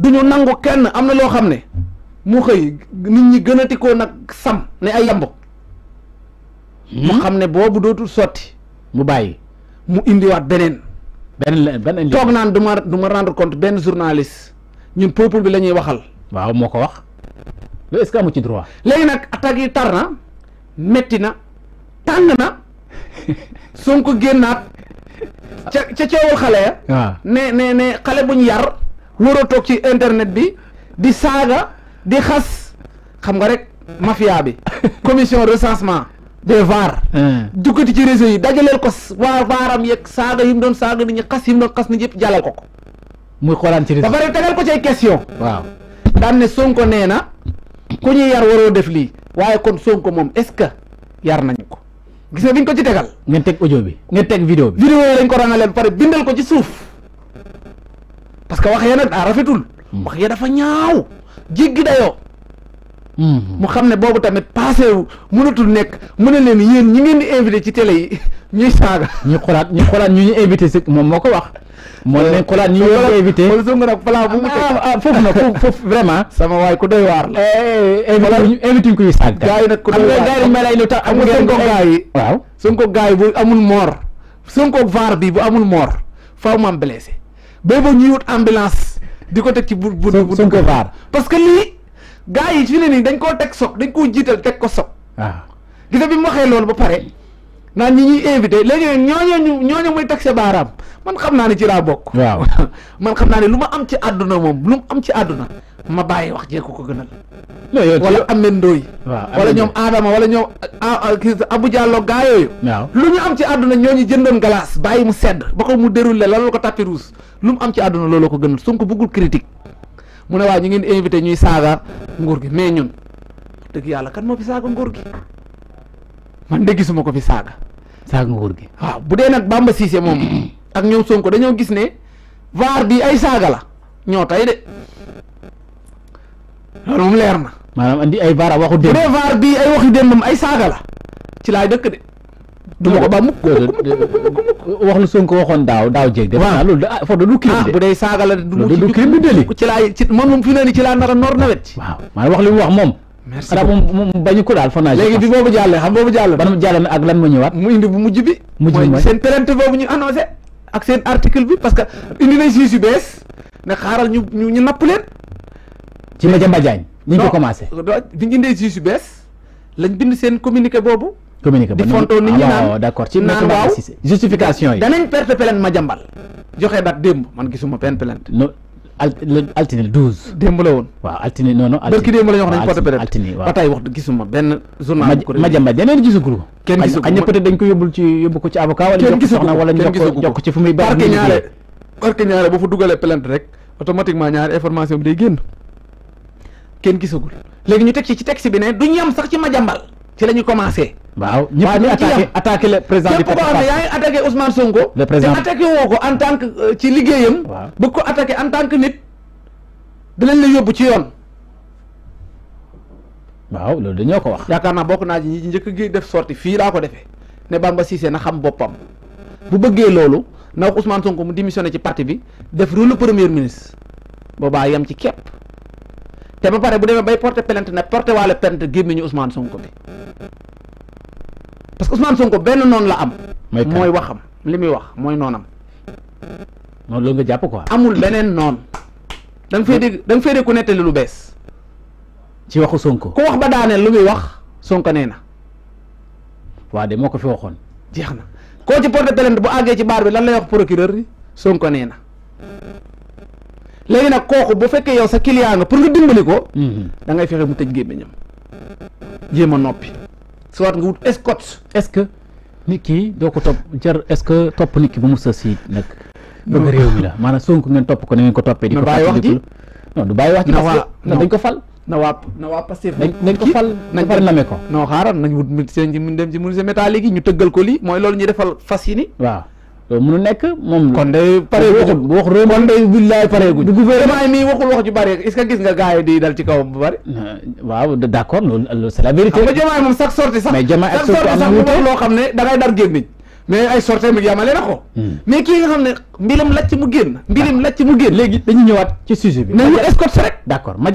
du ñu nangu kenn am na loo xam ne mu xëy nit ñi gënati ko nag sam ne ay yamb hmm? mu xam ne boobu dootul sotti mu bàyyi mu indiwaat beneen beneen toog naan du ma du ma rendre compte benn journaliste ñun peuple bi la ñuy waxal waaw moo ko wax loolu est-ce ci droit léegi nag attaques yi tar na metti na tàng na ko génnaat ca ca coowal xale ya ah. ne ne ne xale bu ñu yar waroo toog ci internet bi di saaga di xas xam nga rek mafia bi commission recensement des var dukkati ci réseau yi dajaleel ko waa vaaram yeeg saaga yi mu doon saaga nit ñi xas yi mu doon xas nit yëpp jàllal ko ko muy xoolaan ci réseau ba pare tegal ko ci ay question waaw daan ne Sonko nee na ku ñuy yar waroo def lii waaye kon Sonko moom est-ce que yar nañu ko gis nga biñ ko ci tegal ngeen teg audio bi ngeen teg vidéo bi vidéo yi lañ ko rangalee ba pare bindal ko ci suuf parce que wax ya nag rafetul. wax ya dafa ñaaw jéggi dayoo. Mm-hmm. mu xam ne boobu tamit passé wu mënatul nekk mu ne leen yéen ñi ngeen di invité ci télé yi ñuy saaga. ñu xolaat ñu xolaat ñu invité si moom moo ko wax. moo leen euh, xolaat ñu ñu euh, invité wala soo nag plan bu mu teg ah, ah, foofu nag foofu vraiment. sama waay ku doy waar la. Eh, eh, invité ñu koy saaga. nag ku doy waar am na gars yi amul moor Sonko vaar bu amul moor boobu ñuy wut ambulance di ko teg ci bu bu bu ko vaar parce que lii gars yi fi ne nii dañ koo teg soog dañ koo jiital teg ko soog waaw ah. gis bi mu waxee loolu ba pare naan ñi ñuy invité léegi nag ñooñu ñooñu muy teg sa baaraam man xam naa ne ci laa bokk waaw man xam naa ne lu ma am ci àdduna moom lu mu am ci àdduna ma bàyyi wax jee ko ko gënal wala am na ndóoy wala ñoom Adama wala ñoom ah, ah, Abou Diallo gaa yooyu lu ñu am ci àdduna ñoo ñu jëndoon glace bàyyi mu sedd ba ko mu déroulé lan la ko tapis rouge lu mu am ci àdduna looloo ko gënal Sonko bëggul critique mu ne waaye ñu ngeen invité ñuy saaga nguur gi mais ñun dëgg yàlla kan moo fi saaga nguur man de gisuma ko fi saaga saaga nguur gi waaw bu dee nag Bamba Cissé moom ak ñoom Sonko dañoo gis ne vaar bi ay saaga la ñoo tay de loolu moom leer na. maanaam andi ay vaar waxu démb. bu dee vaar bii ay saaga la ci laay dëkk de. du ma ko ba mukk wax lu waxoon daaw daaw jéeg de. waaw loolu da fa ah, de. bu la du mu ci du crime du délit ci laay ci man moom fi ne ni ci wax li mu wax moom. merci ko daal fa naa. léegi xam boobu jàll. ban jàll ak lan ma ñëwaat. mu indi bu mujj bi. mujj bi seen plainte boobu ñu annoncé. ak seen article bi parce que indi nañ siis yu bees ne xaaral ñu ñu napp leen ci Madiambal Diagne liñ ko commencé biñ indee juge yu bees lañ bind seen communiqué boobu communiqué di fontoo nit ñi ah, naan d'accord ci naan waaw justification yi danañ perte plainte Madiambal joxe dat démb man gisuma benn plainte altine 12 démb la woon waaw altine non non barki démb la ñu wax nañ porte peut-être altine waaw ba tey wax gisuma benn journal ko Madiambal Diagne gisugul ko kenn gisugul xañ na peut-être dañ ko yóbbul ci yóbbu ko ci avocat wala jox soxna wala jox jox ci fu muy baax parce que ñaare parce que ñaare boo fa dugalee plainte rek automatiquement ñaari information bi day génn kenn gisagul léegi ñu teg ci ci texte bi ne ñu yem sax ci ma Madiambal ci la ñu commencé. waaw ñëpp ñu attaqué attaqué le président du parti képp koo xam ne yaa Sonko. le président te attaqué woo ko en tant que euh, ci liggéeyam. waaw bëgg ko attaqué en tant que nit. dinañ la yóbbu ci yoon. waaw loolu dañoo ko wax. yaakaar naa bokk naa ci ñi njëkk gi def sorti fii laa ko defee ne Bamba Cissé na xam boppam bu bëggee loolu na wax Ousmane Sonko mu démissionné ci parti bi def rôle le premier ministre boobaa yem ci képp. te ba pare bu demee bay porté plainte na porte waale plainte gémmiñu Ousmane Sonko bi parce que Ousmane Sonko benn noon la am. mooy waxam li muy wax mooy noonam. noonu loolu nga jàpp quoi. amul beneen noon da nga fay dégg da fay dégg ku nettali lu bees. ci waxu sonk ku wax ba daaneel lu muy wax sonk nee na. waa de moo ko fi waxoon. jeex na koo ci porté plainte bu àggee ci baar bi lan lay wax procureur bi Sonko nee na. légui nak kooku bu fekke yow sa client nga pour nga dimbali ko. Mhm. da ngay fexé mu tëj gémmiñam jema nopi noppi. soit nga wut escorte. est-ce que nit ki doo ko topp jar est-ce que topp nit ki ba mu sës yi nag. bëgg réew mi la maanaam sonku ngeen top ko ni ngeen ko topé di ko bàyyi wax ji non du bàyyi wax ci na waa dañ ko fal. na waa na waa Pastef nañ ko fal nañ ko namee ko. non xaaral nañ wut seen ci mu dem ci menuisier métallique yi ñu teggal ko li moy loolu ñi defal fas yi ni waaw. mënu nekk moom. kon day pare waxul wax réew kon day billaay pareeguñ. du gouvernement mi waxul wax ju bari est-ce gis nga gars di dal ci kaw bu bari. Euh, waaw d'accord euh, loolu c'est la vérité. xam nga Diomaye moom chaque sortie sax. mais Diomaye ak sortie sax mu wax loo xam ne da dar génn mais ay sortie mi yamale na ko. Hmm. mais kii nga xam ne mbiram lacc mu génn. mbiram lacc mu génn. léegi dañuy ñëwaat ci sujet bi. nañu escorte rek d'accord.